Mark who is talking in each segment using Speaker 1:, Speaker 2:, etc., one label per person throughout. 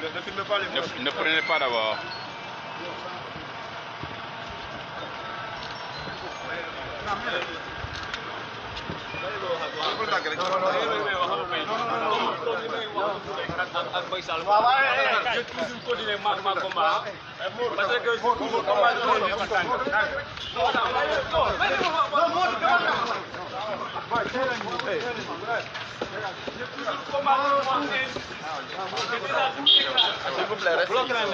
Speaker 1: Ne, ne prenez pas d'abord. ak Mbaye Sall. waaw waaye je toujours continué man ma combat parce que je toujours combat bi doon nekk tànk. non non non. S'il vous plaît, restez. S'il vous plaît,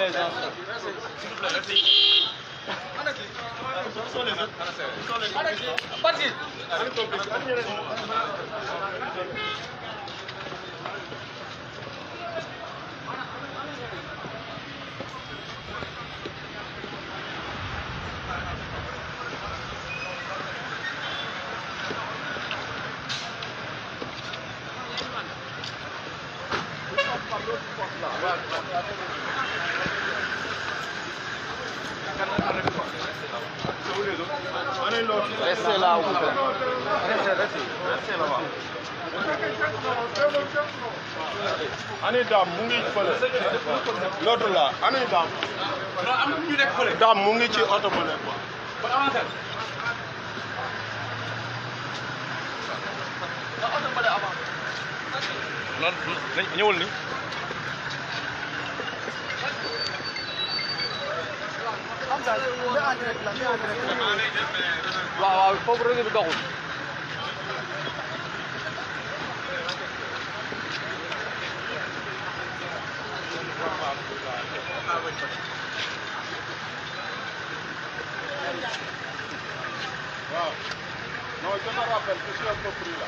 Speaker 1: restez. Allez, Restez là où vous êtes. Restez, restez. Restez là-bas. Ani daam mu ngi fële. L'autre là, ani daam. Daam mu ngi ci oto ba montage mais en direct la mais en direct la waaw waaw foofu réseau bi doxul. waaw non je me rappelle je suis un peu pris là.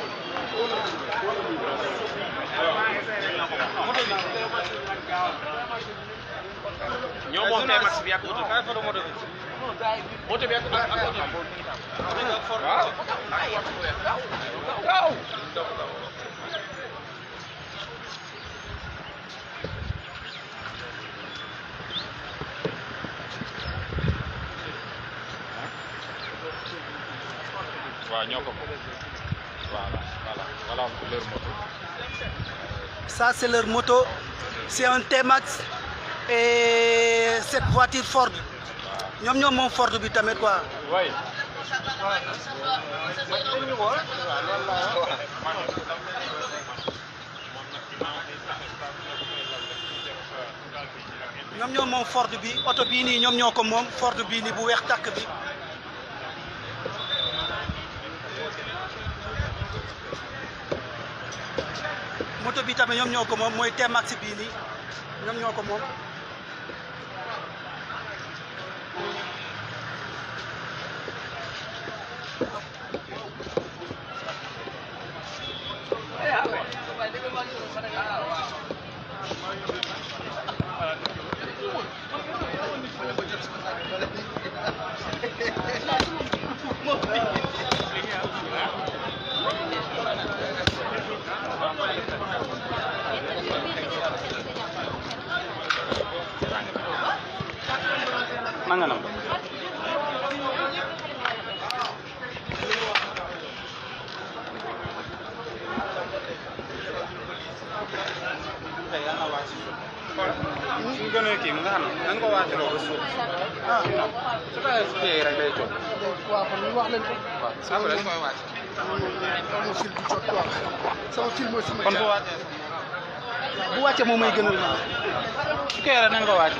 Speaker 2: ñoo moom tey max
Speaker 1: bi ak oto bi. moto bi ak ak ak oto bi. waaw. waaw. waaw ñoo ko. exemple moto Ça, c'est leur moto. C'est un t cette voiture Ford. ñoom ñoom moom Ford bi tamit quoi. oui. ñoom ñoom Ford bi oto bii ni ñoom ñoo ko Ford bii nii bu weex tàkk bi. moto bi tamit ñoom ñoo ko moom mooy T-Max nii ñoom ñoo ko moom അങ്ങനെ suñ gënee kii mu ko wàcc loolu suuf kon bu coow bu wàccee moom may gënal naa su fekkee rek nañ ko wàcc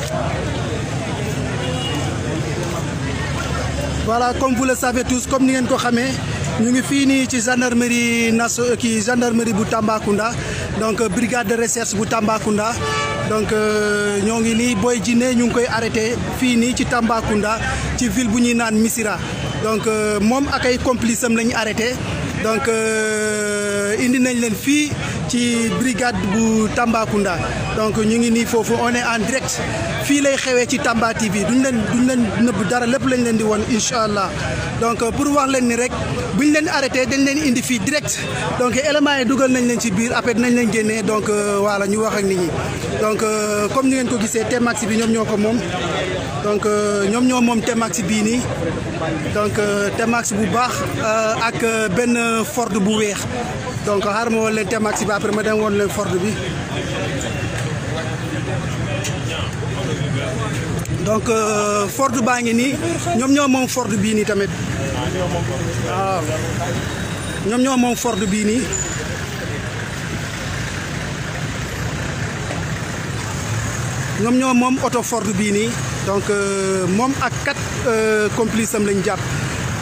Speaker 1: voilà comme vous le comme ni ngeen ko xamee ñu ngi fii nii ci gendarmerie nas kii gendarmerie bu Tambacounda donc euh, brigade de recherche bu Tambacounda donc euh, ñoo ngi nii booy Djiné ñu ngi koy arrêté fii nii ci Tambacounda ci ville bu ñuy naan Missira donc euh, moom ak ay complice am la ñu donc indi nañ leen fii. ci brigade bu Tambacounda donc ñu ngi nii foofu on est en direct fii lay xewee ci Tamba TV duñ leen duñ leen nëbb dara lépp lañ leen di woon incha allah donc euh, pour wax leen ni rek buñ leen arrêté dañ leen indi fii direct donc éléments yi dugal nañ leen ci biir après dinañ leen génnee donc waala euh, ñu wax ak nit ñi donc euh, comme ni ngeen ko gisee Tmax bi ñoom ñoo ko moom donc ñoom ñoo moom Tmax bii nii donc Tmax bu baax ak benn Ford bu weex donc xaaral ma leen après ma dem woon leen Ford bi donc euh, Ford baa ngi nii ñoom ñoo moom Ford bii nii tamit waaw ñoom bii nii ñoom ñoo moom oto Ford bii nii donc euh, moom ak quatre euh, complices lañu jàpp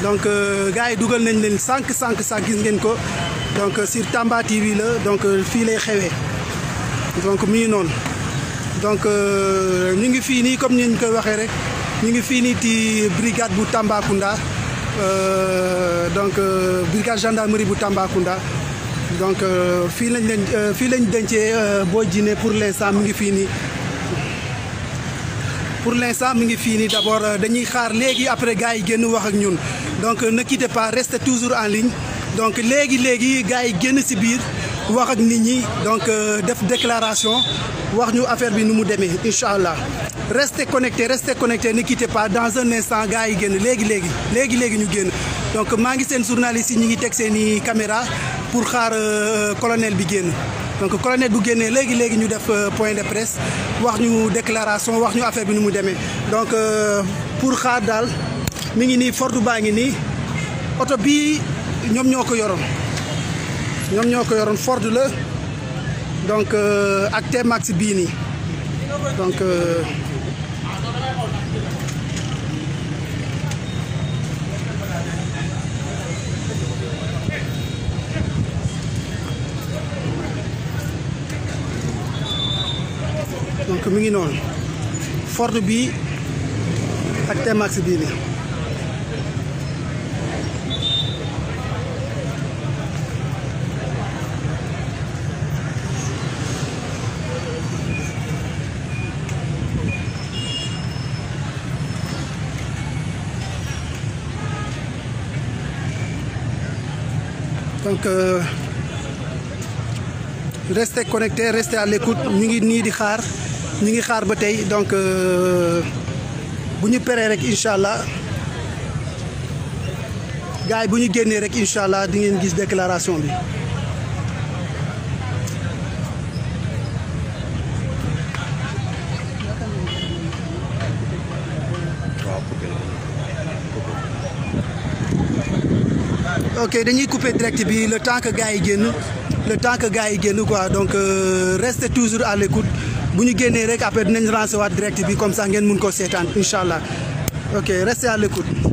Speaker 1: donc gars yi dugal nañ leen sànq sànq sànq gis ngeen ko donc euh, sur Tamba TV la donc euh, fii lay xewee donc mi ngi noonu donc euh, ñu ngi fii nii comme ni ñu koy waxee rek ñu ngi fii nii ci brigade bu Tambacounda donc brigade gendarmerie bu Tambacounda donc fii lañ leen fii lañ dencee boo Djiné pour l'instant mi ngi fii nii pour l'instant mi ngi fii nii d'abord dañuy xaar léegi après gars yi génn wax ak ñun donc ne quittez pas restez toujours en ligne donc léegi léegi gars yi génn si biir wax ak nit ñi donc euh, def déclaration wax ñu affaire bi nu mu demee incha allah restez connectés restez connectés ne quittez pas dans un instant gars yi génn léegi léegi léegi léegi ñu génn donc maa ngi seen journaliste yi ñu ngi teg seeni caméra pour xaar euh, colonel bi génn donc colonel bu génnee léegi léegi ñu def euh, point de presse wax ñu déclaration wax ñu affaire bi nu mu demee donc pour xaar daal mi ngi nii fordu baa ngi nii ñoom ñoo ko yoroon ñoom ñoo ko yoroon Ford la donc euh, ak T-Max bii nii donc euh, donc mi ngi noonu Ford bii ak T-Max bii nii donc euh, restez connectés restez à l'écoute ñu ngi nii di xaar ñu ngi xaar ba tey donc euh, bu ñu peree rek incha allah gars bu ñu génnee rek incha allah di ngeen gis déclaration bi. ok dañuy coupé direct bi le temps que gars yi génn le temps que gars yi génn quoi donc euh, restez toujours à l'écoute bu ñu génnee rek après dinañ recevoir direct bi comme ça ngeen mun koo seetaan incha allah ok restez à l'écoute